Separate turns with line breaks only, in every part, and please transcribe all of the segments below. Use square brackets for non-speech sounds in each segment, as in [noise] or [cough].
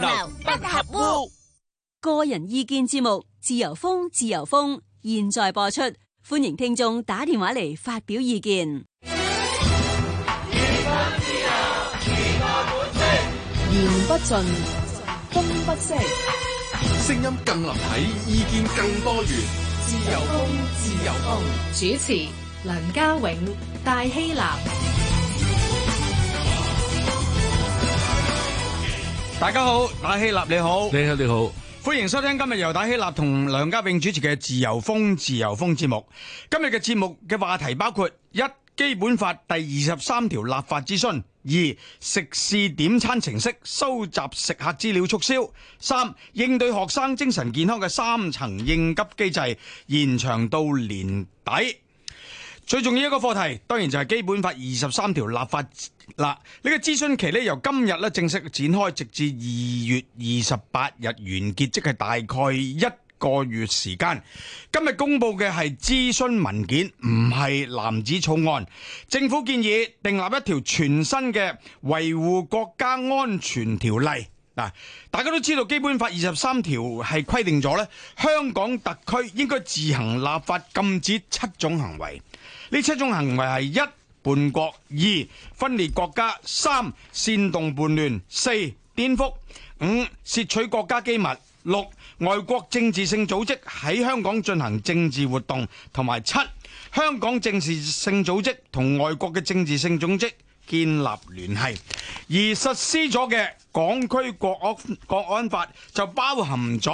流不合污，個人意見節目，自由風，自由風，現在播出，歡迎聽眾打電話嚟發表意見。
自由自由言不盡，風不息，
聲音更立體，意見更多元。自由風，自由風，
主持梁家永、戴希南。
大家好，打希臘你好，你好，你好你好，歡迎收聽今日由打希臘同梁家永主持嘅《自由風自由風》節目。今日嘅節目嘅話題包括：一、基本法第二十三條立法諮詢；二、食肆點餐程式收集食客資料促銷；三、應對學生精神健康嘅三層應急機制延長到年底。最重要一個課題，當然就係基本法二十三條立法。嗱，呢個諮詢期呢，由今日咧，正式展開，直至二月二十八日完結，即係大概一個月時間。今日公布嘅係諮詢文件，唔係男子草案。政府建議訂立一條全新嘅維護國家安全條例。嗱，大家都知道基本法二十三條係規定咗呢香港特區應該自行立法禁止七種行為。呢七種行為係一。叛國、二分裂國家、三煽動叛亂、四顛覆、五竊取國家機密、六外國政治性組織喺香港進行政治活動，同埋七香港政治性組織同外國嘅政治性組織建立聯繫，而實施咗嘅港區國安國安法就包含咗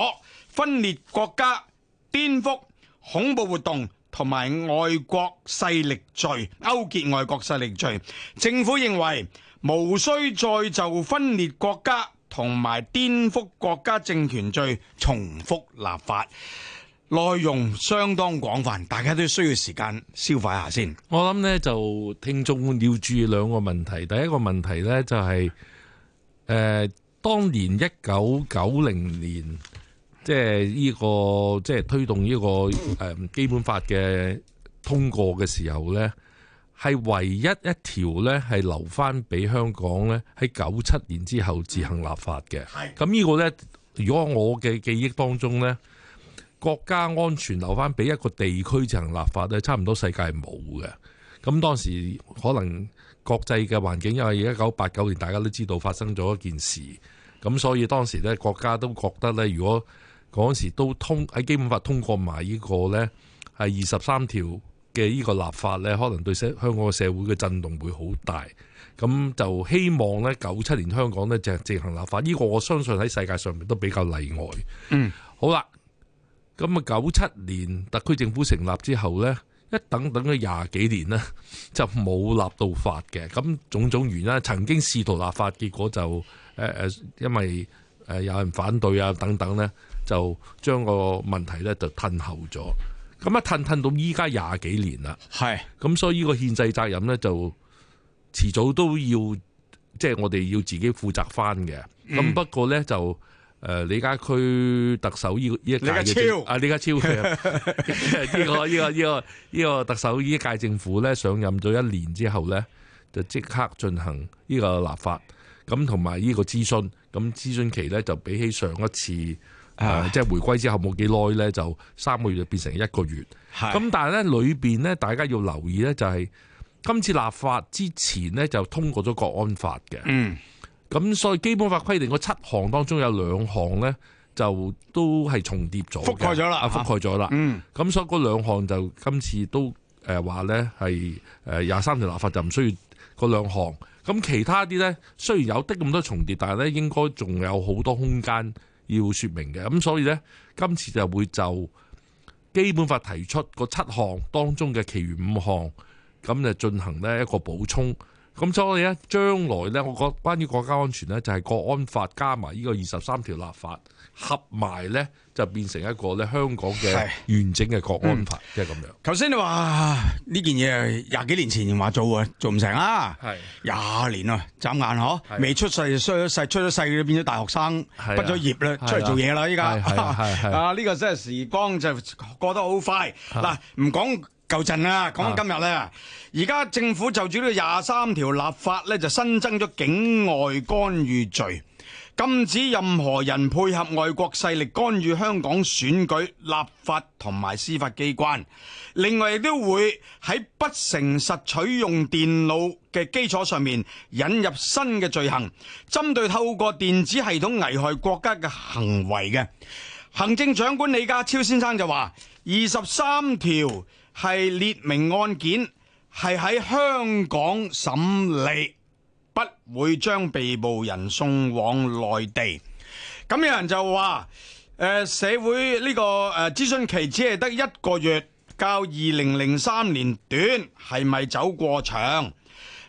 分裂國家、顛覆、恐怖活動。同埋外國勢力罪、勾結外國勢力罪，政府認為無需再就分裂國家同埋顛覆國家政權罪重複立法，內容相當廣泛，大家都需要時間消化下
先。我諗呢就聽眾要注意兩個問題。第一個問題呢，就係、是、誒、呃，當年一九九零年。即係呢個即係推動呢個誒基本法嘅通過嘅時候呢，係唯一一條呢係留翻俾香港呢喺九七年之後自行立法嘅。咁、這、呢個呢，如果我嘅記憶當中呢，國家安全留翻俾一個地區自行立法呢，差唔多世界冇嘅。咁當時可能國際嘅環境，因為一九八九年大家都知道發生咗一件事，咁所以當時呢，國家都覺得呢，如果嗰時都通喺基本法通過埋呢個呢，係二十三條嘅呢個立法呢，可能對香港嘅社會嘅震動會好大。咁就希望呢，九七年香港呢就自行立法，呢個我相信喺世界上面都比較例外。嗯，好啦，咁啊，九七年特區政府成立之後呢，一等等嘅廿幾年呢，就冇立到法嘅。咁種種原因，曾經試圖立法，結果就誒誒，因為誒有人反對啊，等等呢。就將個問題咧就吞後咗，咁一吞吞到依家廿幾年啦。係咁是，所以呢個憲制責任咧就遲早都要，即、就、係、是、我哋要自己負責翻嘅。咁、嗯、不過咧就誒、呃，李家區特首依個依一，李家超啊，李家超呢、 [laughs] [laughs] 呢個呢、呢個呢、呢個呢、呢個特首依一屆政府咧上任咗一年之後咧，就即刻進行呢個立法，咁同埋呢個諮詢，咁諮詢期咧就比起上一次。呃、即係回歸之後冇幾耐咧，就三個月就變成一個月。咁是的 但係咧裏邊咧，大家要留意咧，就係、是、今次立法之前咧就通過咗國安法嘅。嗯。咁所以基本法規定嗰七項當中有兩項咧，就都係重疊咗，覆蓋咗啦，啊覆蓋咗啦。嗯。咁所以嗰兩項就今次都誒話咧係誒廿三條立法就唔需要嗰兩項，咁其他啲咧雖然有啲咁多重疊，但係咧應該仲有好多空間。要說明嘅，咁，所以呢，今次就會就基本法提出嗰七項當中嘅其餘五項，咁，就進行呢一個補充。咁所以咧，將來咧，我覺得關於國家安全咧，就係、是《國安法》加埋呢個二十三條立法合埋咧，就變成一個咧香港嘅完整嘅國安法，即係咁樣。
頭先、嗯、你話呢件嘢係廿幾年前話做啊，做唔成啊！係廿是年啊，眨眼嗬，是未出世就出咗世，出咗世變咗大學生，畢咗業咧，出嚟做嘢啦！依家啊，呢個真係時光就過得好快。嗱、啊，唔講。夠陣啊，講今日呢，而家政府就住呢廿三條立法呢，就新增咗境外干預罪，禁止任何人配合外國勢力干預香港選舉、立法同埋司法機關。另外亦都會喺不誠實取用電腦嘅基礎上面引入新嘅罪行，針對透過電子系統危害國家嘅行為嘅。行政長官李家超先生就話：，二十三條。係列明案件係喺香港審理，不會將被捕人送往內地。咁有人就話：，社會呢個誒諮詢期只係得一個月，較二零零三年短，係咪走過長？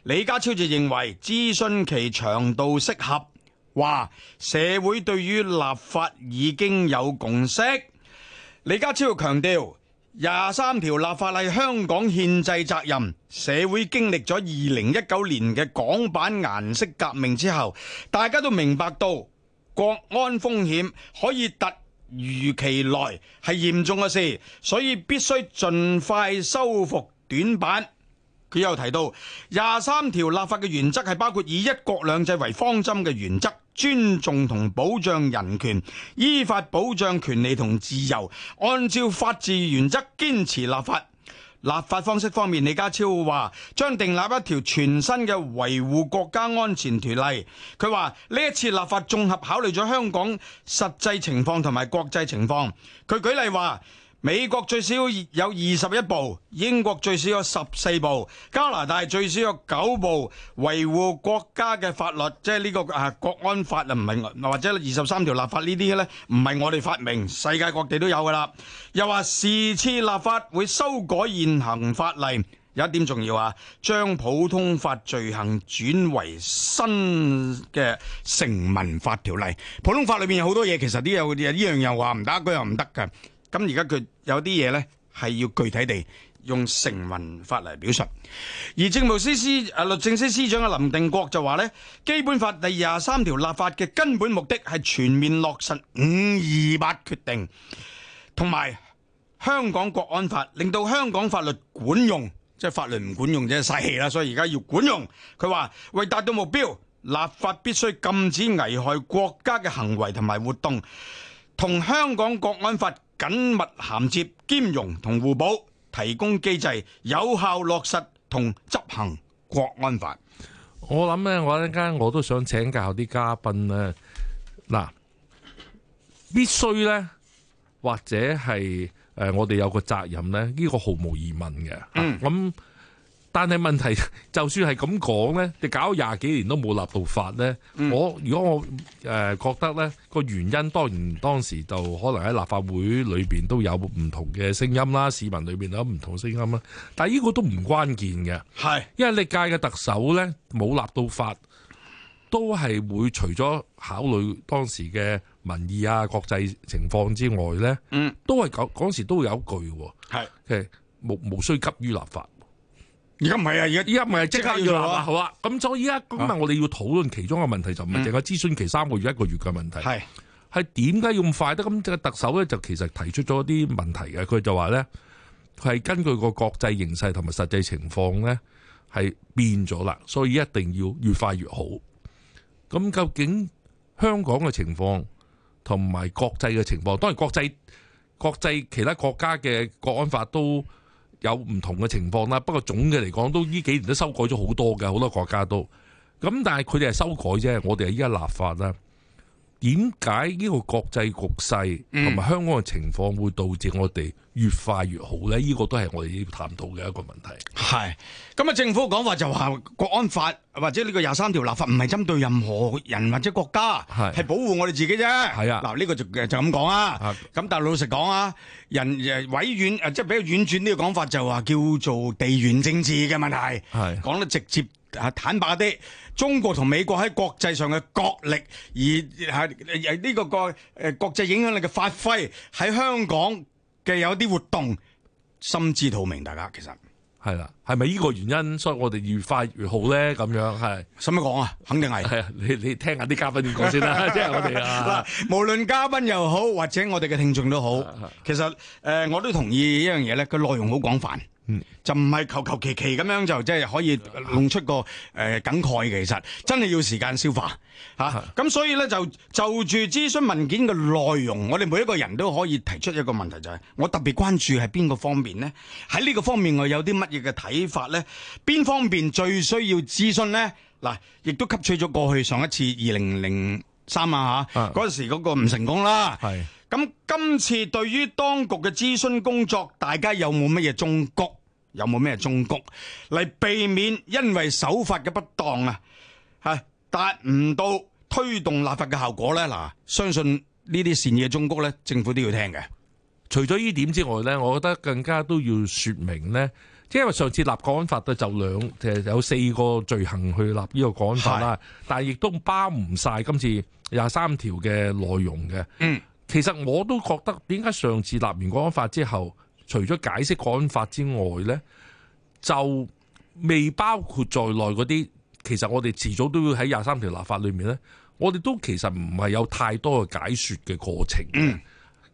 李家超就認為諮詢期長度適合，話社會對於立法已經有共識。李家超強調。廿三條立法係香港憲制責任，社會經歷咗二零一九年嘅港版顏色革命之後，大家都明白到國安風險可以突如其來係嚴重嘅事，所以必須盡快修復短板。佢又提到廿三條立法嘅原則係包括以一國兩制為方針嘅原則。尊重同保障人權，依法保障權利同自由，按照法治原則堅持立法。立法方式方面，李家超話將訂立一條全新嘅維護國家安全條例。佢話呢一次立法綜合考慮咗香港實際情況同埋國際情況。佢舉例話。美國最少有二十一部，英國最少有十四部，加拿大最少有九部，維護國家嘅法律，即係呢個啊國安法啊，唔係或者二十三條立法呢啲呢，唔係我哋發明，世界各地都有噶啦。又話是次立法會修改現行法例，有一點重要啊，將普通法罪行轉為新嘅成文法條例。普通法裏面有好多嘢，其實都有呢樣又話唔得，嗰樣唔得嘅。咁而家佢有啲嘢咧，係要具體地用成文法嚟表述。而政務司司律政司司長嘅林定國就話咧，基本法第二十三條立法嘅根本目的係全面落實五二八決定，同埋香港國安法，令到香港法律管用，即係法律唔管用即係嘥氣啦。所以而家要管用，佢話為達到目標，立法必須禁止危害國家嘅行為同埋活動，同香港國安法緊密銜接、兼容同互補，提供機制，有效落實同執行國安法。
我諗咧，我一陣間我都想請教啲嘉賓咧，嗱，必須咧，或者係誒，我哋有個責任咧，呢個毫無疑問嘅。嗯，咁、啊。但係問題，就算係咁講呢，你搞廿幾年都冇立到法呢。我如果我誒覺得呢個原因，當然當時就可能喺立法會裏邊都有唔同嘅聲音啦，市民裏邊都有唔同嘅聲音啦。但係呢個都唔關鍵嘅，係因為歷屆嘅特首呢，冇立到法，都係會除咗考慮當時嘅民意啊、國際情況之外呢，都係講時都有一句係誒，無無需急於立法。而家唔係啊！而家而家唔係即刻要立法，好啦，啊。咁所以而家咁啊，我哋要討論其中嘅問題，就唔係淨係諮詢期三個月，一個月嘅問題。係係點解要咁快？得咁嘅特首咧，就其實提出咗啲問題嘅。佢就話咧，係根據個國際形勢同埋實際情況咧，係變咗啦，所以一定要越快越好。咁究竟香港嘅情況同埋國際嘅情況，當然國際國際其他國家嘅國安法都。有唔同嘅情況啦，不過總嘅嚟講都呢幾年都修改咗好多嘅，好多國家都咁，但係佢哋係修改啫，我哋係依家立法啦。點解呢個國際局勢同埋香港嘅情況會導致我哋越快越好咧？呢個都係我哋要探討嘅一個問題。係咁啊，政府講法就話國安
法或者呢個廿三條立法唔係針對任何人或者國家，係係是保護我哋自己啫。係啊，嗱呢、這個就就咁講啊。咁的但係老實講啊，人誒、呃、委婉，誒、呃、即係比較婉轉呢嘅講法就話叫做地緣政治嘅問題。係講是得直接啊，坦白啲。中國同美國喺國際上嘅角力，而係呢個個誒國際影響力嘅發揮喺香港嘅有啲活動，
心知肚明，大家其實係啦，係咪依個原因，所以我哋越快越好咧？咁樣係，使乜講啊？肯定係。係 [laughs] 啊，你你聽下啲嘉賓點講先啦，即係我哋啦。
無論嘉賓又好，或者我哋嘅聽眾都好，其實誒、呃、我都同意一樣嘢咧，個內容好廣泛。就唔係求求其其咁樣，就即係可以弄出個誒梗概，其實真係要時間消化吓。咁是、啊、所以呢，就就住諮詢文件嘅內容，我哋每一個人都可以提出一個問題，就係、是、我特別關注係邊個方面呢？喺呢個方面我有啲乜嘢嘅睇法呢？邊方面最需要諮詢呢？啊」嗱，亦都吸取咗過去上一次二零零三啊吓，嗰陣是、啊、時嗰個唔成功啦。係咁今次對於當局嘅諮詢工作，大家有冇乜嘢忠告？有冇咩忠告嚟避免因為手法嘅不當啊，係達唔到推動立法嘅效果咧？嗱，相
信呢啲善意嘅忠告咧，政府都要聽嘅。除咗呢點之外咧，我覺得更加都要說明咧，即係因為上次立國安法就兩，其實有四個罪行去立呢個國安法啦，是但係亦都包唔晒今次廿三條嘅內容嘅。嗯，其實我都覺得點解上次立完國安法之後？除咗解釋講法之外呢，就未包括在內嗰啲。其實我哋遲早都要喺廿三條立法裏面呢，我哋都其實唔係有太多嘅解説嘅過程。嗯，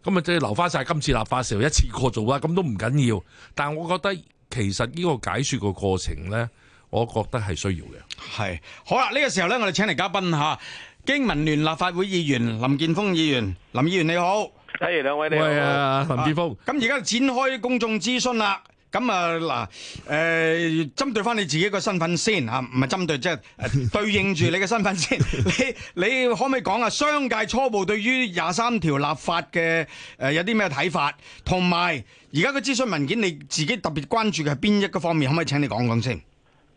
咁啊，即係留翻晒今次立法時候，一次過做啦，咁都唔緊要。但係我覺得其實呢個解説嘅過程呢，我覺得係需要嘅。
係，好啦，呢個時候呢，我哋請嚟嘉賓吓，經民聯立法會議員林健鋒議、議員，林議員你好。係兩、hey，位你好，係啊林健鋒。咁而家展開公眾諮詢啦。咁啊嗱，誒、呃，針對翻你自己個身份先啊，唔係針對，即、啊、係 [laughs] 對應住你嘅身份先。你你可唔可以講下、啊、商界初步對於廿三條立法嘅誒、呃，有啲咩睇法？同埋而家個諮詢文件，你自己特別關注嘅係邊一個方面？可唔可以請你講講先？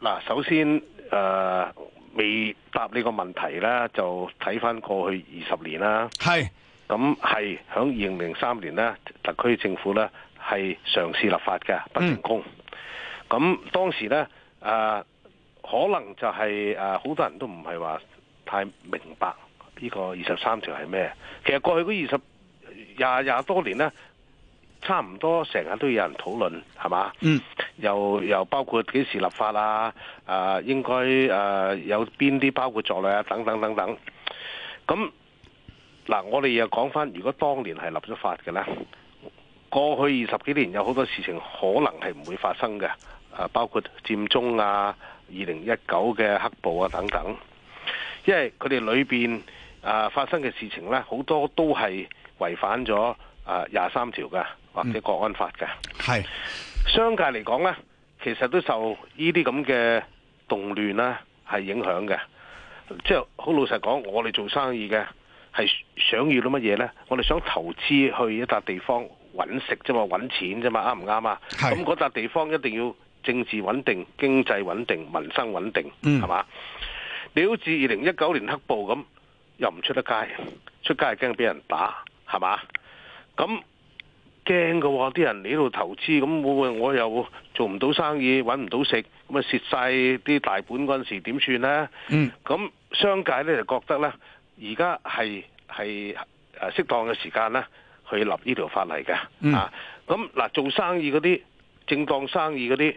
嗱、呃，首先誒，未答呢個問題啦，就睇翻過去二十年啦。係。咁係喺二零零三年呢，特區政府呢係嘗試立法嘅，不成功。咁、嗯、當時呢，啊、呃、可能就係啊好多人都唔係話太明白呢個二十三條係咩。其實過去嗰二十廿廿多年呢，差唔多成日都有人討論，係嘛？嗯又。又又包括幾時立法啊？啊、呃、應該啊、呃、有邊啲包括作用啊？等等等等。咁嗱、啊，我哋又講翻，如果當年係立咗法嘅咧，過去二十幾年有好多事情可能係唔會發生嘅，啊，包括佔中啊、二零一九嘅黑暴啊等等，因為佢哋裏邊啊發生嘅事情呢，好多都係違反咗啊廿三條嘅或者國安法嘅。係、嗯、商界嚟講呢，其實都受呢啲咁嘅動亂咧、啊、係影響嘅，即係好老實講，我哋做生意嘅。係想要啲乜嘢呢？我哋想投資去一笪地方揾食啫嘛，揾錢啫嘛，啱唔啱啊？咁嗰笪地方一定要政治穩定、經濟穩定、民生穩定，係嘛？嗯、你好似二零一九年黑暴咁，又唔出得街，出街又驚俾人打，係嘛？咁驚嘅喎，啲、哦、人嚟呢度投資，咁我又做唔到生意，揾唔到食，咁啊蝕晒啲大本嗰陣時點算呢？咁、嗯、商界呢就覺得呢。而家係係誒，適當嘅時間呢去立呢條法例嘅、嗯、啊。咁嗱，做生意嗰啲正當生意嗰啲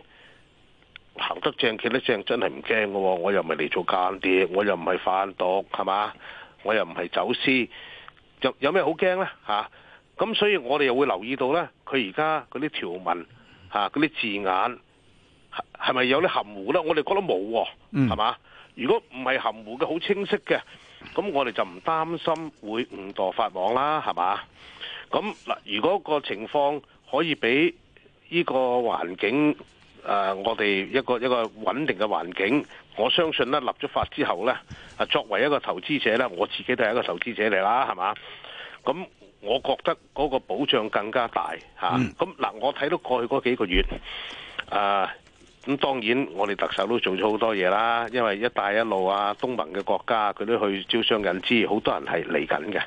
行得正企得正，真係唔驚喎。我又唔係嚟做間諜，我又唔係販毒，係嘛？我又唔係走私，有有咩好驚咧吓？咁、啊、所以我哋又會留意到咧，佢而家嗰啲條文吓，嗰、啊、啲字眼係係咪有啲含糊咧？我哋覺得冇、哦，係嘛、嗯？如果唔係含糊嘅，好清晰嘅。咁我哋就唔擔心會誤墮法網啦，係嘛？咁嗱，如果個情況可以俾呢個環境，誒、呃，我哋一個一個穩定嘅環境，我相信咧立咗法之後咧，啊，作為一個投資者咧，我自己都係一個投資者嚟啦，係嘛？咁我覺得嗰個保障更加大嚇。咁、啊、嗱、呃，我睇到過去嗰幾個月，誒、呃。咁當然，我哋特首都做咗好多嘢啦，因為一帶一路啊，東盟嘅國家佢都去招商引資，好多人係嚟緊嘅。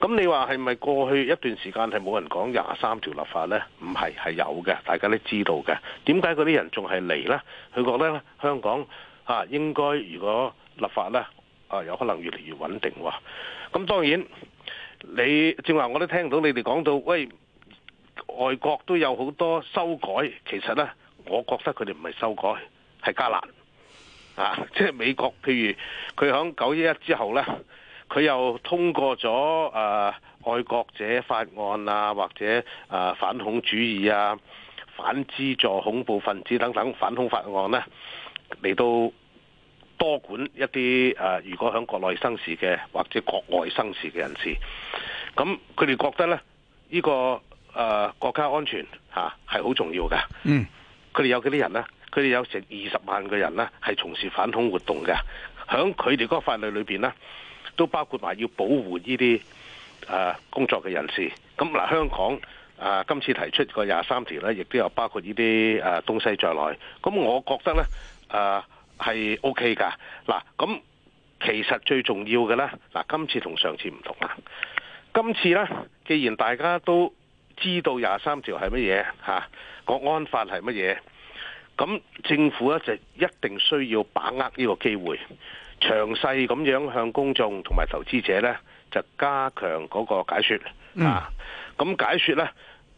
咁你話係咪過去一段時間係冇人講廿三條立法呢？唔係，係有嘅，大家都知道嘅。點解嗰啲人仲係嚟呢？佢覺得呢香港、啊、應該如果立法呢，啊有可能越嚟越穩定喎、啊。咁當然，你正話我都聽到你哋講到，喂，外國都有好多修改，其實呢。我覺得佢哋唔係修改，係加難啊！即係美國，譬如佢響九一一之後呢，佢又通過咗誒、呃《愛國者法案》啊，或者誒、呃、反恐主義啊、反資助恐怖分子等等反恐法案呢，嚟到多管一啲誒、呃，如果響國內生事嘅或者國外生事嘅人士，咁佢哋覺得呢，呢個誒、呃、國家安全嚇係好重要㗎。嗯。佢哋有幾多人呢？佢哋有成二十萬個人呢，係從事反恐活動嘅。喺佢哋嗰個法律裏邊呢，都包括埋要保護呢啲啊工作嘅人士。咁嗱，香港啊、呃、今次提出個廿三條呢，亦都有包括呢啲啊東西在內。咁我覺得呢啊係、呃、OK 㗎。嗱，咁其實最重要嘅呢，嗱今次同上次唔同啦。今次呢，既然大家都知道廿三條係乜嘢嚇？啊國安法係乜嘢？咁政府咧，就一定需要把握呢個機會，詳細咁樣向公眾同埋投資者咧，就加強嗰個解說、嗯、啊。咁解說咧，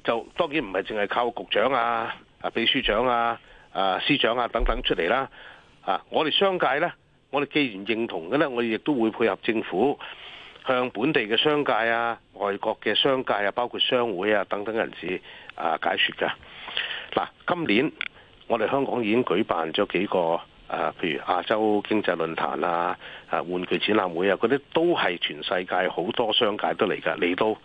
就當然唔係淨係靠局長啊、啊秘書長啊、啊司長啊等等出嚟啦。啊，我哋商界咧，我哋既然認同嘅咧，我哋亦都會配合政府向本地嘅商界啊、外國嘅商界啊、包括商會啊等等人士。啊！解說嘅嗱、啊，今年我哋香港已經舉辦咗幾個、啊、譬如亞洲經濟論壇啊、啊玩具展覽會啊，嗰啲都係全世界好多商界都嚟噶，嚟到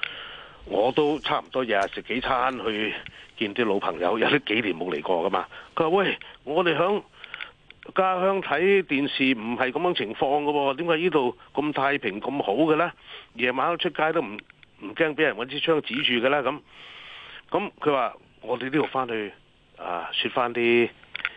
我都差唔多日日食幾餐去見啲老朋友，有啲幾年冇嚟過噶嘛。佢話：喂，我哋響家鄉睇電視唔係咁樣情況㗎喎、啊，點解呢度咁太平咁好嘅呢？夜晚上出街都唔唔驚俾人揾支槍指住嘅啦咁。咁佢話我哋呢度翻去啊，說翻啲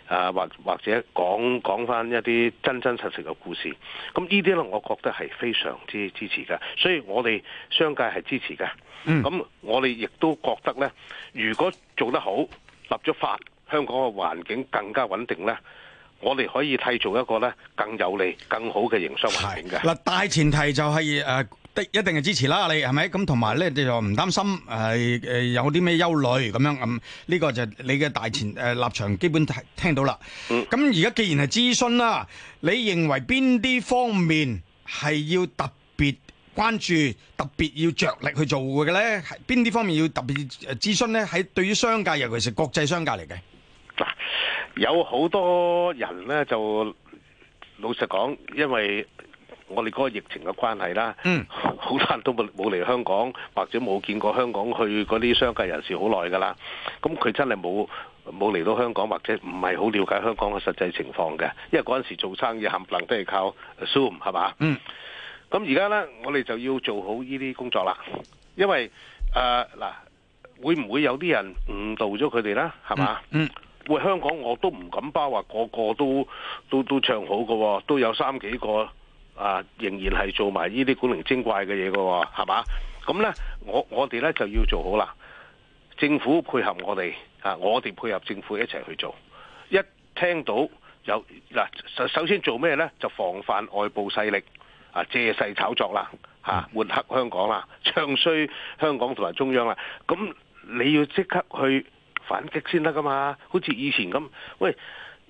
啊，或或者講講翻一啲真真實實嘅故事。咁呢啲咧，我覺得係非常之支持嘅。所以我哋商界係支持嘅。咁、嗯、我哋亦都覺得呢，如果做得好，立咗法，香港嘅環境更加穩定呢，我哋可以締造一個呢更有利、更好嘅營商環境嘅。嗱，
大前提就係誒。呃的一定係支持啦，你係咪咁？同埋咧，就唔擔心，係誒有啲咩憂慮咁樣咁？呢個就你嘅大前誒立場基本聽到啦。咁而家既然係諮詢啦，你認為邊啲方面係要特別關注、特別要着力去做嘅咧？係邊啲方面要特別諮詢咧？喺對於商界，尤其是國際商界嚟嘅，嗱，
有好多人咧就老實講，因為。我哋嗰個疫情嘅關係啦，嗯、好多人都冇冇嚟香港或者冇見過香港，去嗰啲商界人士好耐㗎啦。咁佢真係冇冇嚟到香港，或者唔係好了解香港嘅實際情況嘅。因為嗰陣時候做生意冚唪唥都係靠 Zoom 係嘛。咁而家呢，我哋就要做好呢啲工作啦。因為啊嗱、呃，會唔會有啲人誤導咗佢哋呢？係嘛？嗯嗯、喂，香港我都唔敢包話個個都都都唱好嘅喎、哦，都有三幾個。啊，仍然係做埋呢啲古靈精怪嘅嘢嘅，係嘛？咁咧，我我哋咧就要做好啦。政府配合我哋啊，我哋配合政府一齊去做。一聽到有嗱、啊，首先做咩咧？就防範外部勢力啊，借勢炒作啦，吓、啊、抹黑香港啦、啊，唱衰香港同埋中央啦。咁、啊、你要即刻去反擊先得噶嘛？好似以前咁，喂，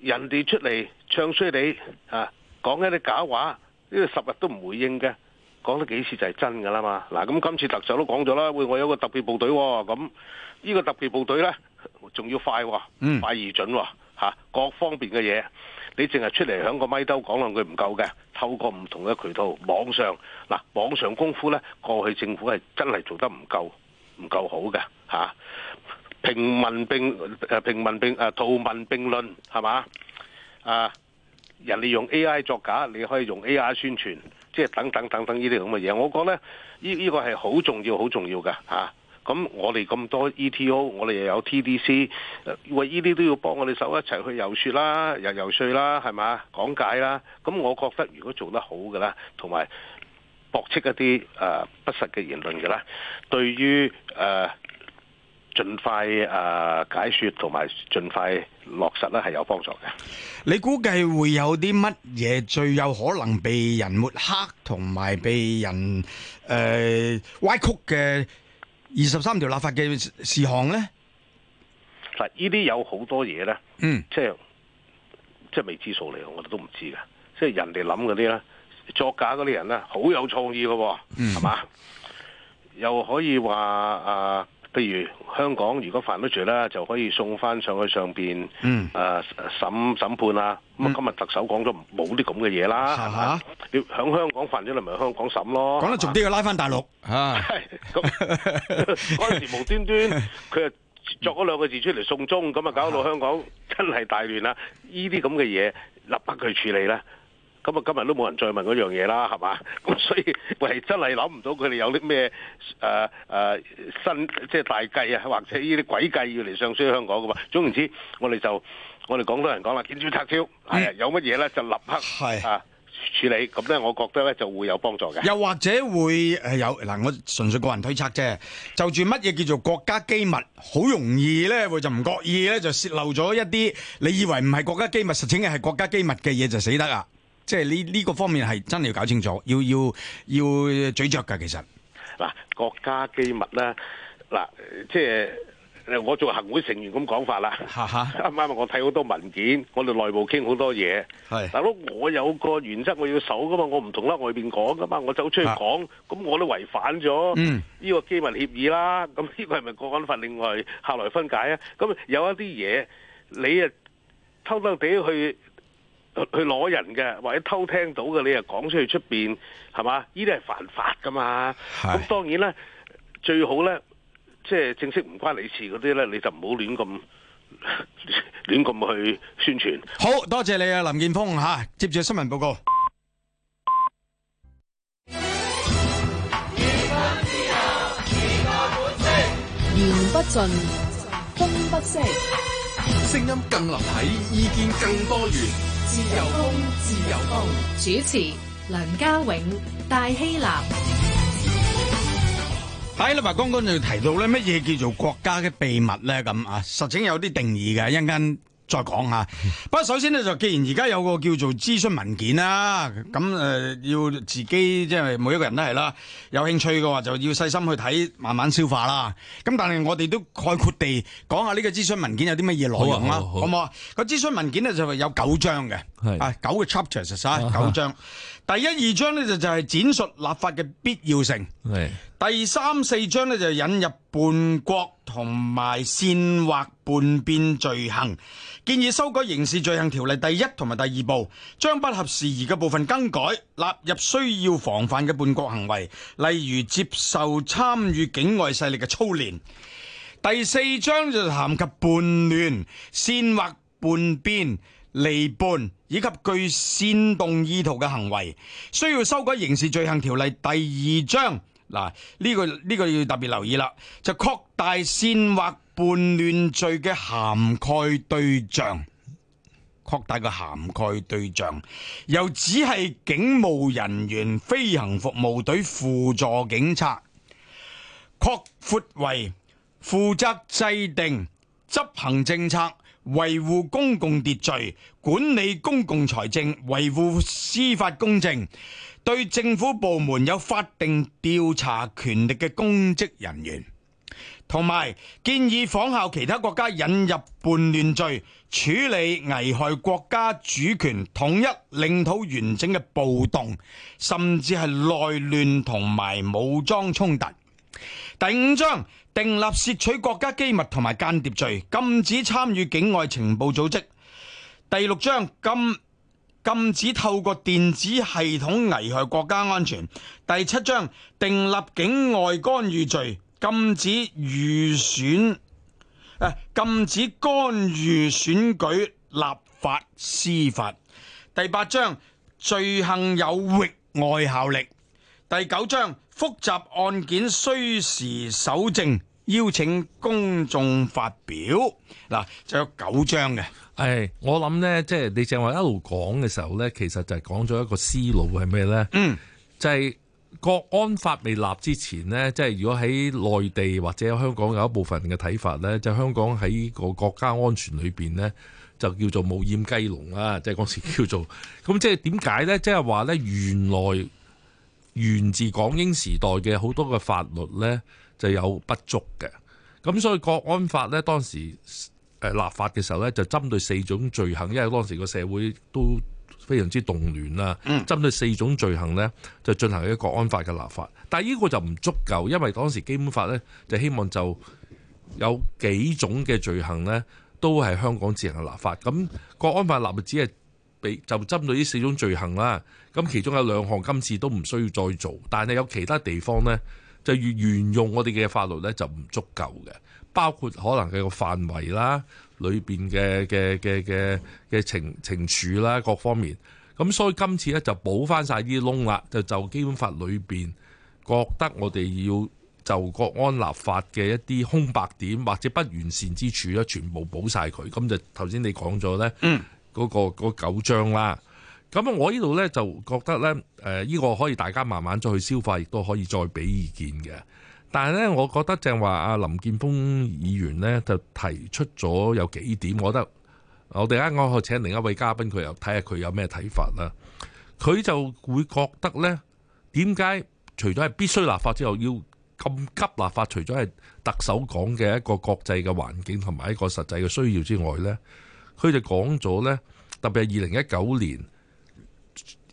人哋出嚟唱衰你啊，講一啲假話。呢個十日都唔回應嘅，講咗幾次就係真噶啦嘛。嗱，咁今次特首都講咗啦，會我有個特別部隊、哦，咁呢、這個特別部隊呢，仲要快、哦，嗯、快而準、啊，喎。各方面嘅嘢，你淨係出嚟響個咪兜講兩句唔夠嘅，透過唔同嘅渠道，網上，嗱，網上功夫呢，過去政府係真係做得唔夠，唔夠好嘅、啊，平民並平民並誒圖民並論，係、呃、嘛？啊！人哋用 AI 作假，你可以用 AI 宣傳，即係等等等等呢啲咁嘅嘢。我覺得呢依、呢個係好重要、好重要嘅嚇。咁、啊、我哋咁多 ETO，我哋又有 TDC，喂，呢啲都要幫我哋手一齊去遊説啦、又遊説啦，係咪？講解啦。咁我覺得如果做得好嘅啦，同埋駁斥一啲、呃、不實嘅言論嘅啦，對於、呃盡快誒解説同埋盡快落實咧，係有幫助嘅。
你估計會有啲乜嘢最有可能被人抹黑同埋被人誒、呃、歪曲嘅二十三條立法嘅事項咧？嗱，呢
啲有好多嘢咧，嗯，即係即係未知數嚟，我哋都唔知㗎。即係人哋諗嗰啲咧，作假嗰啲人咧，好有創意嘅喎、哦，係嘛、嗯？又可以話誒。呃譬如香港如果犯得罪啦，就可以送翻上去上邊誒、嗯呃、審審判、嗯、啊。咁啊今日特首講咗冇啲咁嘅嘢啦，吓咪要喺香港犯咗嚟咪香港審咯。講得重啲嘅拉翻大陸咁嗰陣時無端端佢又作咗兩個字出嚟送中，咁啊搞到香港真係大亂啦！呢啲咁嘅嘢立刻佢處理咧。咁啊，今日都冇人再問嗰樣嘢啦，係嘛？咁所以係真係諗唔到佢哋有啲咩誒誒新即係大計啊，或者呢啲鬼計要嚟上書香港嘅嘛？總言之，我哋就我哋廣東人講啦，見招拆招係啊！有乜嘢咧就立刻啊處理。咁咧，我覺得咧就會有幫助嘅。又
或者會誒有嗱，我純粹個人推測啫。就住乜嘢叫做國家機密，好容易咧會就唔覺意咧就洩漏咗一啲你以為唔係國家機密，實情係國家機密嘅嘢就死得啊！即係呢，呢個方面係真係要搞清楚，要要要咀嚼噶。其實嗱，
國家機密啦，嗱，即係我做行會成員咁講法啦。啱啱哈我睇好多文件，我哋內部傾好多嘢。是大佬，我有個原則，我要守噶嘛，我唔同啦外邊講噶嘛，我走出去講，咁是我都違反咗呢個機密協議啦。咁呢個係咪過緊份另外客來分解啊？咁有一啲嘢，你啊偷偷地去，去攞人嘅，或者偷聽到嘅，你又講出去出邊，係嘛？呢啲係犯法噶嘛？咁當然咧，最好咧，即係正式唔關你事嗰啲咧，你就唔好亂咁 [laughs] 亂咁去宣傳。
好多謝你啊，林健鋒嚇，接住新聞報
告。言不盡，風不息，
聲音更立體，意見更多元。自由風，自由風。
主持梁家永、戴希立。
喺啦，白剛剛就提到咧，乜嘢叫做國家嘅秘密咧？咁啊，實情有啲定義嘅一陣間。再講吓，不過首先咧就，既然而家有個叫做諮詢文件啦，咁誒要自己即係每一個人都係啦，有興趣嘅話就要細心去睇，慢慢消化啦。咁但係我哋都概括地講下呢個諮詢文件有啲乜嘢內容啦，好唔好啊？個諮詢文件咧就係有九章嘅，係啊九個 chapters 晒，九章。第一二章咧就就係闡述立法嘅必要性，
係。
第三四章咧就引入叛國、同埋煽惑叛變罪行，建議修改刑事罪行條例第一同埋第二部，將不合時宜嘅部分更改，納入需要防範嘅叛國行為，例如接受參與境外勢力嘅操練。第四章就談及叛亂、煽惑叛變、離叛以及具煽動意圖嘅行為，需要修改刑事罪行條例第二章。嗱，呢、這個呢、這個要特別留意啦，就擴大煽惑叛亂罪嘅涵蓋對象，擴大個涵蓋對象，由只係警務人員、飛行服務隊、輔助警察，擴闊為負責制定執行政策。維護公共秩序、管理公共財政、維護司法公正，對政府部門有法定調查權力嘅公職人員，同埋建議仿效其他國家引入叛亂罪，處理危害國家主權、統一領土完整嘅暴動，甚至係內亂同埋武裝衝突。第五章。訂立竊取國家機密同埋間諜罪，禁止參與境外情報組織。第六章，禁禁止透過電子系統危害國家安全。第七章訂立境外干預罪，禁止預選、啊、禁止干預選舉、立法、司法。第八章，罪行有域外效力。第九章。複雜案件需時搜證，邀請公眾發表。嗱、啊，
就有九章嘅。係，我諗呢，即、就、係、是、你正話一路講嘅時候呢，其實就係講咗一個思路係咩呢？嗯，就係國安法未立之前呢，即、就、係、是、如果喺內地或者香港有一部分嘅睇法呢，就是、香港喺個國家安全裏邊呢，就叫做冇掩雞籠啊，即係嗰時叫做。咁即係點解呢？即係話呢，原來。源自港英時代嘅好多嘅法律呢，就有不足嘅。咁所以國安法呢，當時誒立法嘅時候呢，就針對四種罪行，因為當時個社會都非常之動亂啦。嗯、針對四種罪行呢，就進行了一個國安法嘅立法。但係呢個就唔足夠，因為當時基本法呢，就希望就有幾種嘅罪行呢，都係香港自行嘅立法。咁國安法立法只係。就針對呢四種罪行啦，咁其中有兩項今次都唔需要再做，但係有其他地方呢，就沿用我哋嘅法律呢，就唔足夠嘅，包括可能佢個範圍啦，裏面嘅嘅嘅嘅嘅懲懲處啦各方面，咁所以今次呢，就補翻晒啲窿啦，就就基本法裏面覺得我哋要就國安立法嘅一啲空白點或者不完善之處咧，全部補晒佢，咁就頭先你講咗呢。嗯嗰、那個嗰、那個、九章啦，咁啊，我呢度呢，就覺得呢，呢、呃、依、這個可以大家慢慢再去消化，亦都可以再俾意見嘅。但係呢，我覺得正話林健鋒議員呢，就提出咗有幾點，我覺得我哋啱啱去請另一位嘉賓，佢又睇下佢有咩睇法啦。佢就會覺得呢，點解除咗係必須立法之後，要咁急立法？除咗係特首講嘅一個國際嘅環境同埋一個實際嘅需要之外呢。佢就講咗呢，特別係二零一九年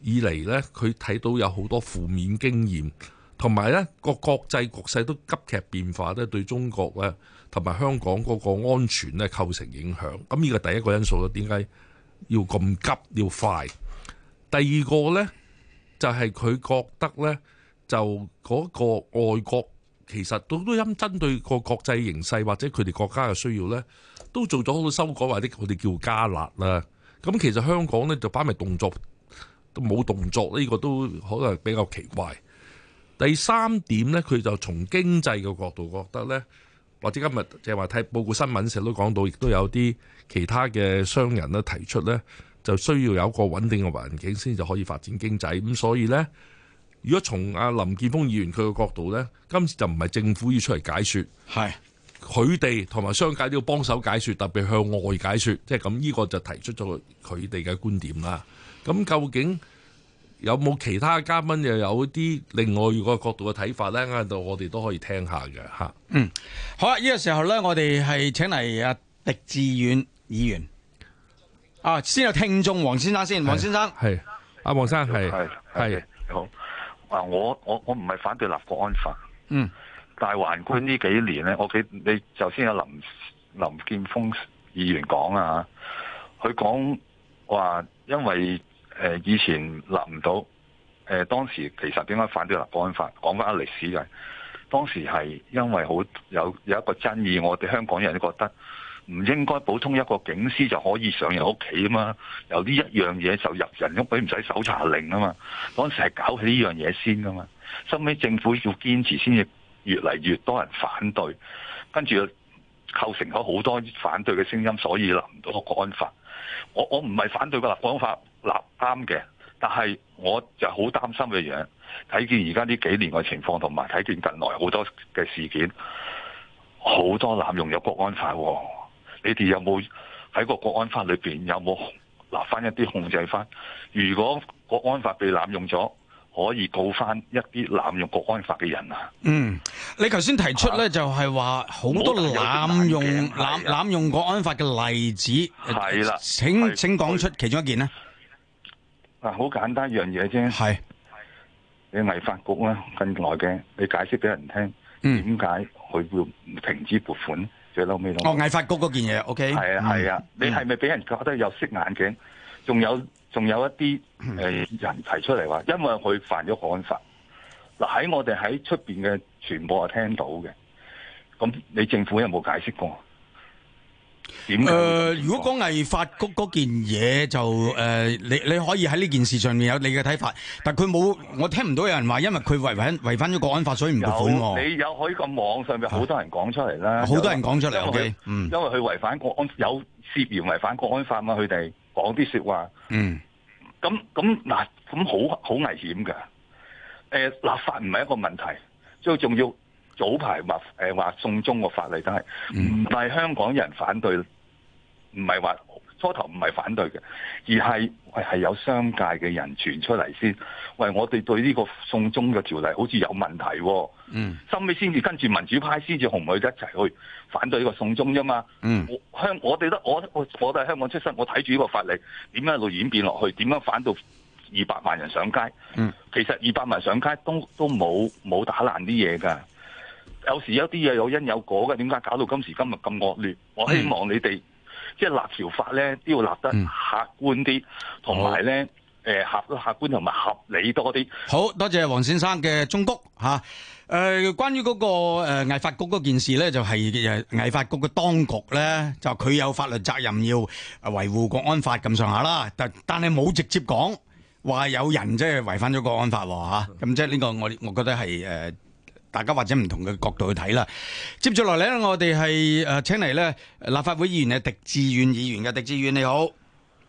以嚟呢，佢睇到有好多負面經驗，同埋呢個國際局勢都急劇變化呢，對中國呢同埋香港嗰個安全呢構成影響。咁呢個第一個因素咯，點解要咁急要快？第二個呢，就係佢覺得呢，就嗰個外國其實都針對個國際形勢或者佢哋國家嘅需要呢。都做咗好多修改或者佢哋叫加辣啦，咁其實香港呢，就擺埋動作都冇動作呢，呢個都可能比較奇怪。第三點呢，佢就從經濟嘅角度覺得呢，或者今日就係話睇報告新聞成日都講到，亦都有啲其他嘅商人咧提出呢，就需要有一個穩定嘅環境先至可以發展經濟。咁所以呢，如果從阿林健鋒議員佢嘅角度呢，今次就唔係政府要出嚟解説，係。佢哋同埋商界都要幫手解説，特別向外解説，即係咁。呢個就提出咗佢哋嘅觀點啦。咁究竟有冇其他嘉賓又有啲另外一個角度嘅睇法咧？喺度我哋都可以聽下嘅吓。嗯，好啊！呢、這個時候咧，我哋係請嚟阿狄志
遠議員。啊，先有聽眾黃先生先，黃是先生係阿黃
生係係
是好。啊，我我我唔係反對立國安法。嗯。大環境呢幾年咧，我記得你頭先有林林健鋒議員講啊，佢講話因為誒、呃、以前立唔到，誒、呃、當時其實點解反對立國安法？講翻歷史嘅、就係，當時係因為好有有一個爭議，我哋香港人都覺得唔應該補充一個警司就可以上人屋企啊嘛，有呢一樣嘢就入人屋企唔使搜查令啊嘛，當時係搞起呢樣嘢先噶嘛，後尾政府要堅持先至。越嚟越多人反對，跟住構成咗好多反對嘅聲音，所以立唔到個國安法。我我唔係反對個立國安法立啱嘅，但係我就好擔心嘅樣。睇見而家呢幾年嘅情況，同埋睇見近來好多嘅事件，好多濫用有國安法。你哋有冇喺個國安法裏邊有冇立翻一啲控制翻？如果國安法被濫用咗，可以告翻一啲濫用國安法嘅人啊！嗯，
你頭先提出咧就係話好多濫用濫用國安法嘅例子，係啦，請請講出其中一件咧。
啊，好簡單一樣嘢啫，係。你藝發局咧近耐嘅，你解釋俾人聽點解佢會停止撥款，最嬲屘都。哦，藝
發局嗰件嘢，OK。係啊係啊，
你係咪俾人覺得有色眼鏡，仲有？仲有一啲、呃、人提出嚟話，因為佢犯咗《國安法》。嗱喺我哋喺出面嘅傳播啊，聽到嘅。咁你政府有冇解釋過？
點？誒、呃，如果講係法局嗰件嘢，就誒、呃，你你可以喺呢件事上面有你嘅睇法。但佢冇，我聽唔到有人話，因為佢違，違反違反咗《國安法》，所以唔退款喎。你
有
可以個網上面好多人講出嚟啦，好、啊、好多人講出嚟。因為佢，okay, 嗯、因為佢違反國安，有涉嫌違反《國安法》嘛，佢哋。講啲說話，嗯，咁咁嗱，咁好好危險噶，誒，立法唔係一個問題，最仲要早排話誒話送中個法例都係唔係香港人反對，唔係話。初頭唔係反對嘅，而係係、哎、有商界嘅人傳出嚟先，喂，我哋對呢個送中嘅條例好似有問題、哦。嗯，收尾先至跟住民主派先至同佢一齊去反對呢個送中啫嘛。嗯，香我哋得我都我，我，我都係香港出身，我睇住呢個法例點樣一路演變落去，點樣反到二百萬人上街？
嗯，
其實二百萬人上街都都冇冇打爛啲嘢噶。有時有啲嘢有因有果嘅，點解搞到今時今日咁惡劣？我希望你哋、哎。即係立條法咧，都要立得客觀啲，同埋咧，誒合客觀同埋合理多啲。
好多謝黃先生嘅忠告嚇。誒、啊呃，關於嗰、那個誒、呃、違法局嗰件事咧，就係、是、違法局嘅當局咧，就佢有法律責任要維護國安法咁上下啦。但但係冇直接講話有人即係違反咗國安法喎。咁即係呢個我我覺得係。大家或者唔同嘅角度去睇啦。接住落嚟咧，我哋係誒，請嚟咧立法會議員嘅狄志遠議員嘅狄志遠，你好。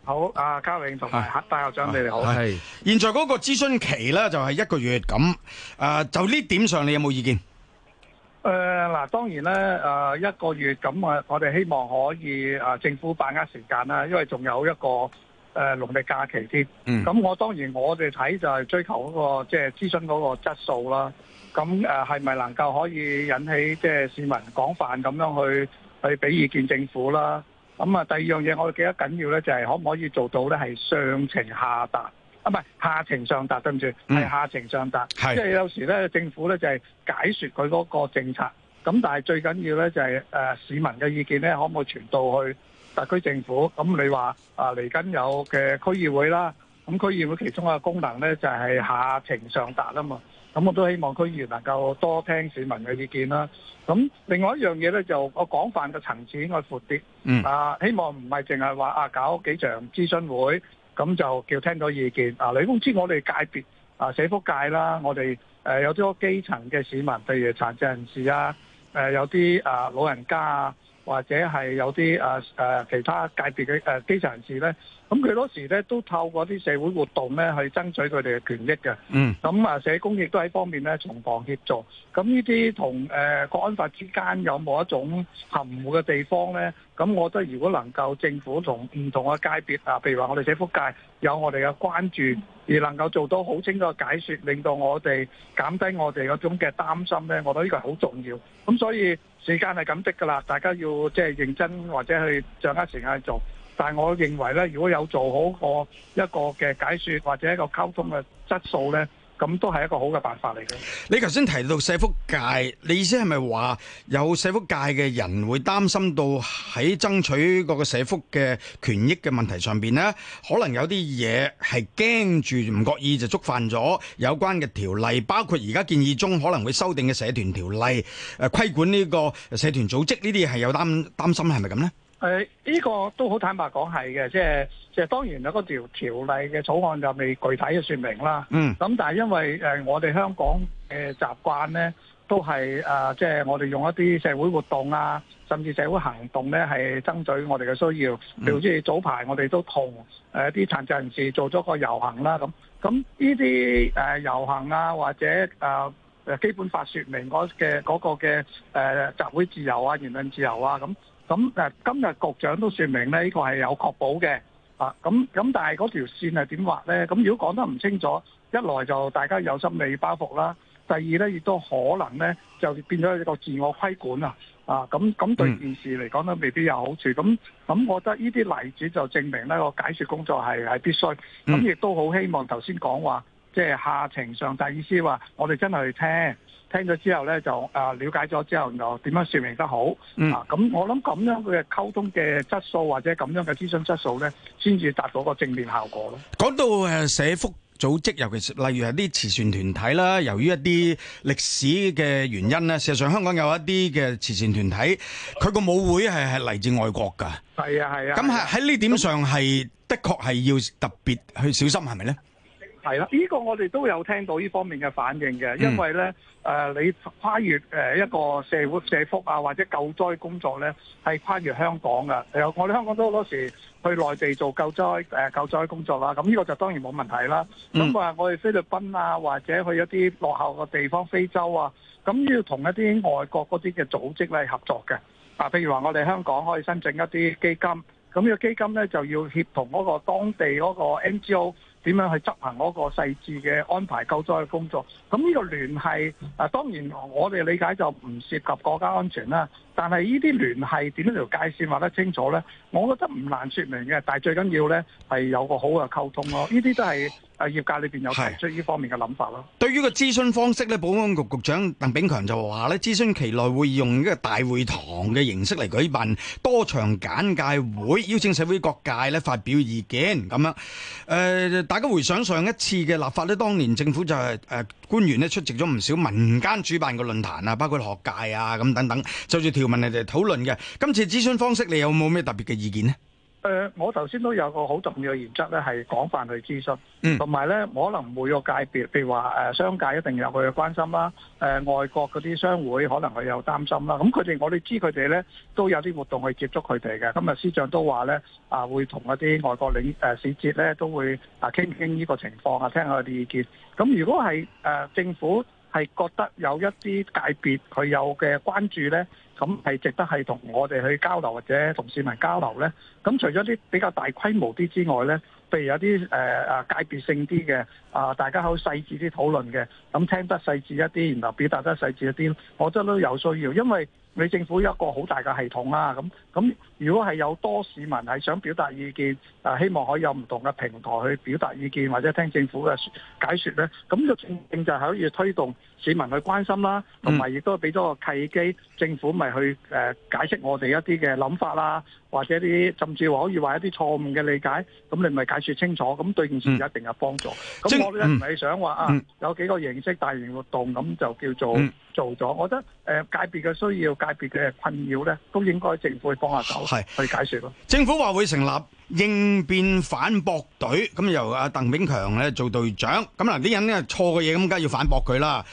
好，啊嘉穎同埋大學長，啊、你哋好。係、
啊。是現在嗰個諮詢期咧就係一個月咁，誒，就呢點上你有冇意見？
誒，嗱，當然咧，誒、呃，一個月咁啊，我哋希望可以誒，政府把握時間啦，因為仲有一個誒農曆假期添。咁、嗯、我當然我哋睇就係追求嗰、那個即係諮詢嗰個質素啦。咁誒，係咪能夠可以引起即係、就是、市民廣泛咁樣去去俾意見政府啦？咁啊，第二樣嘢我哋記得緊要咧，就係可唔可以做到咧係上情下達？啊，唔係下情上達對唔住，係下情上達。即係有時咧，政府咧就係解說佢嗰個政策。咁但係最緊要咧就係誒市民嘅意見咧，可唔可以傳到去特區政府？咁你話啊嚟緊有嘅區議會啦，咁區議會其中一個功能咧就係、是、下情上達啊嘛。咁我都希望區議員能夠多聽市民嘅意見啦，啊。咁另外一樣嘢咧，就我廣泛嘅層次應該闊啲。嗯。啊，希望唔係淨係話啊搞幾場諮詢會，咁就叫聽到意見。啊，你都知我哋界別啊社福界啦，我哋、啊、有啲基層嘅市民，譬如殘疾人士啊，啊有啲、啊、老人家啊，或者係有啲、啊啊、其他界別嘅、啊、基層人士咧。咁佢多時咧都透過啲社會活動咧去爭取佢哋嘅權益嘅。嗯。咁啊，社工亦都喺方面咧從旁協助。咁呢啲同誒《國安法》之間有冇一種含糊嘅地方咧？咁我覺得如果能夠政府同唔同嘅界別啊，譬如話我哋社福界有我哋嘅關注，而能夠做到好清楚嘅解說，令到我哋減低我哋嗰種嘅擔心咧，我覺得呢個係好重要。咁所以時間係咁迫㗎啦，大家要即係認真或者去掌握時間去做。但係，我認為呢，如果有做好個一個嘅解説或者一個溝通嘅質素呢，咁都係一個好嘅辦法嚟嘅。
你頭先提到社福界，你意思係咪話有社福界嘅人會擔心到喺爭取嗰個社福嘅權益嘅問題上邊呢，可能有啲嘢係驚住唔覺意就觸犯咗有關嘅條例，包括而家建議中可能會修訂嘅社團條例，誒規管呢個社團組織呢啲係有擔擔心呢，係咪咁呢？
誒呢、呃這個都好坦白講係嘅，即係即係當然啦。嗰條條例嘅草案就未具體嘅説明啦。嗯。咁但係因為誒、呃、我哋香港誒習慣咧，都係啊、呃，即係我哋用一啲社會活動啊，甚至社會行動咧，係爭取我哋嘅需要。譬、嗯、如例如早排我哋都同誒啲殘疾人士做咗個遊行啦，咁咁呢啲誒遊行啊，或者啊誒、呃、基本法説明嘅嗰、那個嘅誒、那個呃、集會自由啊、言論自由啊咁。咁誒，今日局長都説明咧，呢個係有確保嘅，啊，咁咁，但係嗰條線係點畫咧？咁如果講得唔清楚，一來就大家有心理包袱啦，第二咧亦都可能咧就變咗一個自我規管啊，啊，咁咁對件事嚟講都未必有好處。咁咁，我覺得呢啲例子就證明咧，個解説工作係係必須。咁亦都好希望頭先講話，即係下情上達意思話，我哋真係去聽。聽咗之後咧，就啊了解咗之後，就點樣説明得好，嗯、啊。咁我諗咁樣佢嘅溝通嘅質素，或者咁樣嘅諮詢質素咧，先至達到個正面效
果咯。講到誒社福組織，尤其是例如係啲慈善團體啦，由於一啲歷史嘅原因啦，事實上香港有一啲嘅慈善團體，佢個母會係係嚟自外國㗎。係啊係啊。咁係喺呢點上係、嗯、的確係要特別去小心，係咪咧？
係啦，呢、呢個我哋都有聽到呢方面嘅反應嘅，因為咧誒、mm. 呃，你跨越誒一個社會社福啊，或者救災工作咧係跨越香港嘅。我哋香港都好多時去內地做救災、呃、救災工作啦、啊。咁呢個就當然冇問題啦。咁啊，我哋菲律賓啊，或者去一啲落後嘅地方，非洲啊，咁要同一啲外國嗰啲嘅組織咧合作嘅。啊，譬如話我哋香港可以申請一啲基金，咁呢個基金咧就要協同嗰個當地嗰個 NGO。點樣去執行嗰個細緻嘅安排救災嘅工作？咁呢個聯繫啊，當然我哋理解就唔涉及國家安全啦。但係呢啲聯繫點樣條界線畫得清楚咧？我覺得唔難說明嘅，但係最緊要咧係有個好嘅溝通咯。呢啲都係誒業界裏邊有提出呢是方面嘅諗法咯。
對於個諮詢方式咧，保安局局長鄧炳強就話咧，諮詢期內會用呢個大會堂嘅形式嚟舉辦多場簡介會，邀請社會各界咧發表意見咁樣誒、呃、大家回想上一次嘅立法咧，當年政府就係、是、誒、呃、官員咧出席咗唔少民間主辦嘅論壇啊，包括學界啊咁等等，就住要問你哋討論嘅，今次諮詢方式你有冇咩特別嘅意見咧？
誒、呃，我頭先都有個好重要嘅原則咧，係廣泛去諮詢，嗯，同埋咧，可能每個界別，譬如話誒、呃、商界一定有佢嘅關心啦，誒、呃、外國嗰啲商會可能佢有擔心啦。咁佢哋我哋知佢哋咧都有啲活動去接觸佢哋嘅。今日司長都話咧啊，會同一啲外國領誒、呃、使節咧都會啊傾一傾呢個情況啊，聽下佢啲意見。咁如果係誒、呃、政府係覺得有一啲界別佢有嘅關注咧，咁係值得係同我哋去交流或者同市民交流呢。咁除咗啲比較大規模啲之外呢，譬如有啲誒啊界別性啲嘅啊，大家好細緻啲討論嘅，咁聽得細緻一啲，然後表達得細緻一啲，我覺得都有需要，因為你政府有一個好大嘅系統啦、啊，咁咁。如果係有多市民係想表達意見，誒希望可以有唔同嘅平台去表達意見，或者聽政府嘅解説咧，咁就正正就係可以推動市民去關心啦，同埋亦都俾咗個契機，政府咪去誒解釋我哋一啲嘅諗法啦，或者啲甚至話可以話一啲錯誤嘅理解，咁你咪解説清楚，咁對件事一定有幫助。咁我哋唔係想話啊有幾個形式大型活動咁就叫做做咗，我覺得誒界別嘅需要、界別嘅困擾咧，都應該政府去幫下手。係，去是解説
咯。政府
話會成立應變反駁隊，咁由阿鄧炳強咧做隊長。咁嗱，啲人咧錯嘅嘢，咁梗係要反駁佢啦。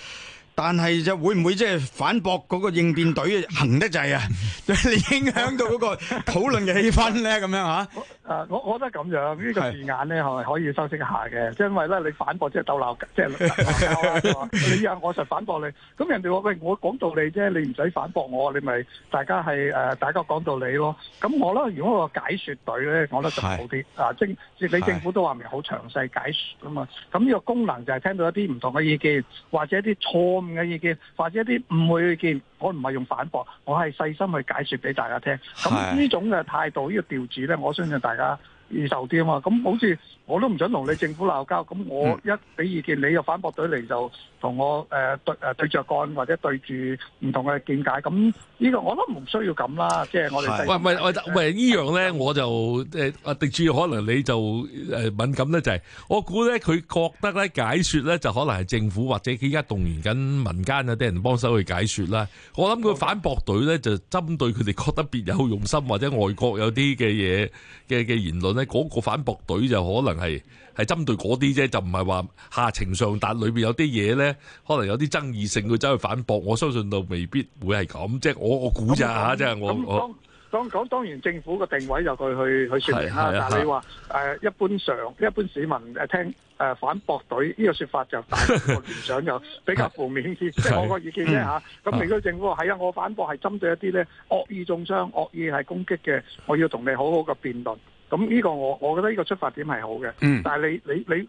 但係就會唔會即係反駁嗰個應變隊行得滯啊？ [laughs] 你影響到嗰個討論嘅氣氛咧？咁樣嚇？誒，我覺得咁樣呢、這個字眼咧，係咪是可以息一下嘅？因為咧，你反駁
即係鬥鬧，即、就、係、是就是、 [laughs] 你有我實反駁你。咁人哋話喂，我講道理啫，你唔使反駁我，你咪大家係誒、呃，大家講道理咯。咁我覺得，如果我解說隊咧，我覺得就好啲。是啊，你政府都話明好詳細解說啊嘛。咁呢個功能就係聽到一啲唔同嘅意見，或者一啲錯。嘅意見或者一啲誤會嘅意見，我唔係用反駁，我係細心去解説俾大家聽。咁呢種嘅態度，呢個調子咧，我相信大家易受啲啊嘛。咁好似我都唔想同你政府鬧交，咁我一俾意見，你又反駁對嚟就。同我誒對誒對著幹或者
對住唔同嘅見解，咁呢個我都唔需要咁啦，即係我哋。喂喂喂，依樣咧，我就誒啊！狄志遠，可能你就誒敏感咧，就係我估咧，佢覺得咧解説咧就可能係政府或者依家動員緊民間有啲人幫手去解説啦。我諗佢反駁隊咧就針對佢哋覺得別有用心或者外國有啲嘅嘢嘅嘅言論咧，嗰個反駁隊就可能係係針對嗰啲啫，就唔係話下情上達裏邊有啲嘢咧。可能有啲爭議性，佢走去反駁，我相信到未必會係咁啫。我我估咋吓，即係那我我
當講當然政府嘅定位就去去去，啊，說明啦。但係你話誒一般常一般市民誒聽誒，呃、反駁隊呢個說法就大個聯 [laughs] 想就比較負面啲，即係，啊、我個意見啫吓。咁，啊啊、政府政府係啊，我反駁係針對一啲咧惡意中傷、惡意係攻擊嘅，我要同你好好嘅辯論。咁呢個我我覺得呢個出發點係好嘅。嗯、但係你你你。你你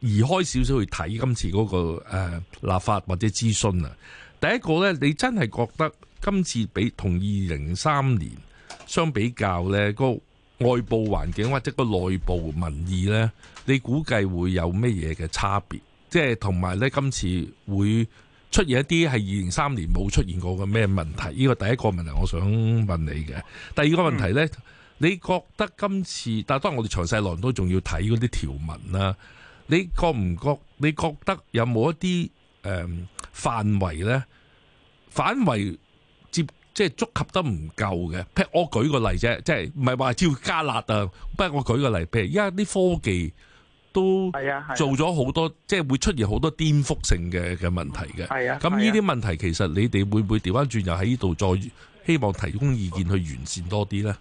移開少少去睇今次嗰個誒立法或者諮詢啊。第一個呢，你真係覺得今次比同二零三年相比較呢，嗰個外部環境或者個內部民意呢，你估計會有咩嘢嘅差別？即係同埋呢，今次會出現一啲係二零三年冇出現過嘅咩問題？呢個第一個問題，我想問你嘅。第二個問題呢，嗯，你覺得今次但當然我哋詳細嚟都仲要睇嗰啲條文啦，啊。你覺唔覺？你覺得有冇一啲誒、嗯、範圍咧範圍接即係觸及得唔夠嘅？我舉個例啫，即係唔係話照加辣啊？不過，我舉個例子，譬如而家啲科技都做咗好多，啊啊、即係會出現好多顛覆性嘅嘅問題嘅。係啊，咁呢啲問題其實你哋會唔會調翻轉又喺呢度再希望提供意見去完善多啲咧？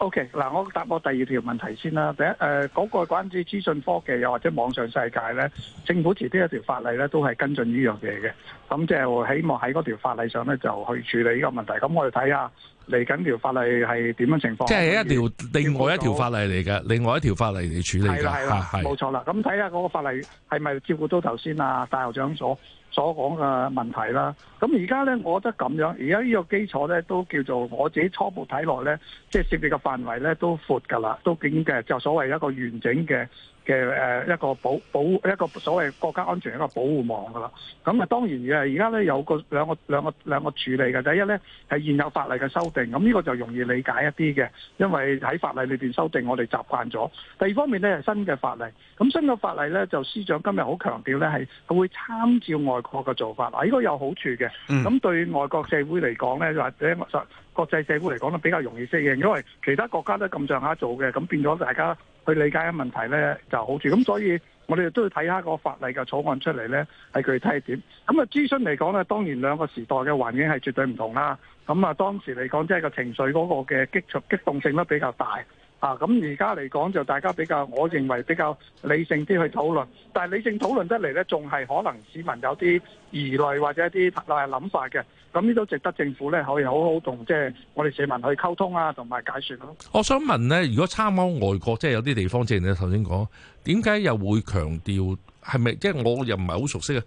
OK，嗱，我答我第二條問題先啦。第一，誒、呃、嗰、那個關於資訊科技又或者網上世界咧，政府遲啲有條法例咧，都係跟進呢樣嘢嘅。咁即係希望喺嗰條法例上咧，就去處理呢個問題。咁我哋睇下嚟緊條法例係點樣情況。即係一條
另外一條法例嚟嘅，另外一條法例嚟處理㗎。係啦，係啦，
冇錯啦。咁睇下嗰個法例係咪照顧到頭先啊，大校長所。所講嘅問題啦，咁而家咧，我覺得咁樣，而家呢個基礎咧，都叫做我自己初步睇落咧，即係涉獵嘅範圍咧，都闊㗎啦，都經嘅就所謂一個完整嘅，嘅誒一個保保護一個所謂國家安全一個保護網噶啦，咁啊當然而家咧有個兩個兩個兩個處理嘅，第一咧係現有法例嘅修訂，咁呢個就容易理解一啲嘅，因為喺法例裏邊修訂我哋習慣咗。第二方面咧係新嘅法例，咁新嘅法例咧就司長今日好強調咧係佢會參照外國嘅做法，嗱呢個有好處嘅，咁對外國社會嚟講咧或者國際社會嚟講都比較容易適應，因為其他國家，都咁上下做嘅，咁變咗大家去理解嘅問題呢就好處。咁所以我哋都要睇下個法例嘅草案出嚟呢係具體點。咁啊諮詢嚟講呢，當然兩個時代嘅環境係絕對唔同啦。咁啊當時嚟講即係個情緒嗰個嘅激促、激動性都比較大啊。咁而家嚟講就大家比較，我認為比較理性啲去討論。但係理性討論得嚟呢，仲係可能市民有啲疑慮或者一啲誒諗法嘅。咁呢都值得政府咧可以好好同即係我哋市民去溝通啊，同埋解說咯。
我想問咧，如果參考外國，即係有啲地方，即係你頭先講，點解又會強調，係咪？即係我又唔係好熟悉啊，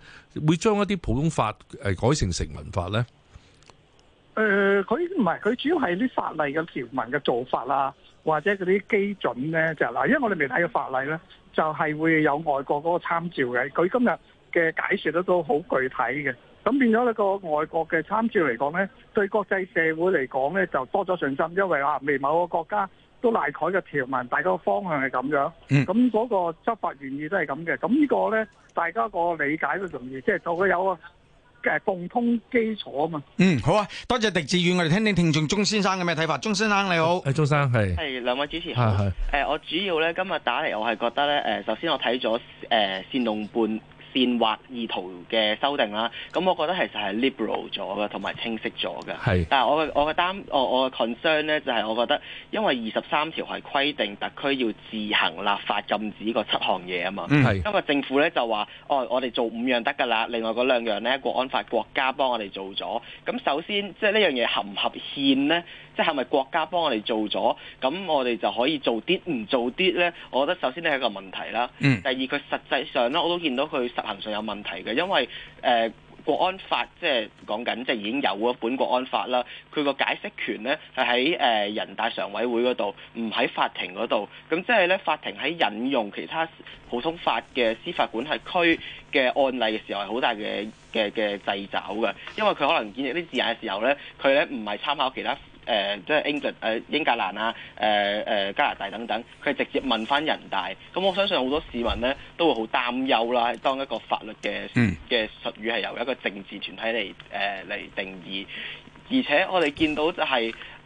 會將一啲普通法改成成文法咧？
誒、呃，
佢唔係，佢主要係啲法例嘅條文嘅做法啊，或者嗰啲基準咧，就嗱、係，因為我哋未睇過法例咧，就係、係、會有外國嗰個參照嘅。佢今日嘅解說咧都好具體嘅。咁變咗呢個外國嘅參照嚟講咧，對國際社會嚟講咧就多咗信心，因為啊未某個國家都賴概嘅條文，大、那、概、個、方向係咁樣。嗯。咁嗰個執法原意都係咁嘅。咁呢個咧，大家個理解都容易，即係就會有個共通基礎啊嘛。嗯，
好啊，多謝狄志遠，我哋聽聽聽眾鍾先生嘅咩睇法。鍾先生你好，誒鍾、啊、生係。
係兩位主持、呃。我主要咧今日打嚟，我係覺得咧、呃、首先我睇咗誒《煽、呃、動半》。煽惑意圖嘅修訂啦，咁我覺得其實係 liberal 咗嘅，同埋清晰咗嘅。係是，但係我嘅我嘅擔，我我嘅 concern 咧就係我覺得，因為二十三條係規定特區要自行立法禁止個七項嘢啊嘛。係是，因為政府咧就話，哦，我哋做五樣得㗎啦，另外嗰兩樣咧國安法國家幫我哋做咗。咁首先，即係呢樣嘢合唔合憲咧？即係咪國家幫我哋做咗咁，我哋就可以做啲唔做啲呢？我覺得首先呢係一個問題啦。第二，佢實際上呢，我都見到佢實行上有問題嘅，因為誒、呃、國安法即係講緊即已經有咗本國安法啦。佢個解釋權呢係喺、呃、人大常委會嗰度，唔喺法庭嗰度。咁即係呢，法庭喺引用其他普通法嘅司法管轄區嘅案例嘅時候，係好大嘅嘅嘅掣肘嘅，因為佢可能見到啲字眼嘅時候呢，佢呢唔係參考其他。誒，即係英格英格蘭啊，誒、呃、誒加拿大等等，佢係直接問翻人大。咁我相信好多市民咧都會好擔憂啦。當一個法律嘅嘅術語係由一個政治團體嚟誒嚟定義，而且我哋見到就係、係。誒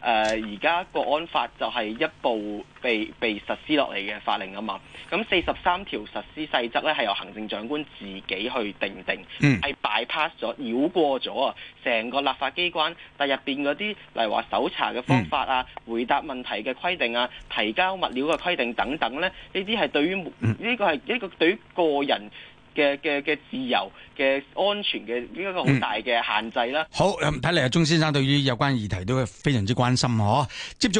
而家國安法就係、是、一部被被實施落嚟嘅法令啊嘛，咁四十三條實施細則咧係由行政長官自己去定定，係、嗯、bypass 咗繞過咗啊，成個立法機關，但入面嗰啲例如話搜查嘅方法啊、嗯、回答問題嘅規定啊、提交物料嘅規定等等咧，呢啲係對於呢、呢個係一、呢個對於個人。嘅嘅嘅自由嘅安全嘅，應該個好大嘅限制啦、嗯。好，
睇嚟啊，鍾先生對於有關議題都係非常之關心，嗬。接住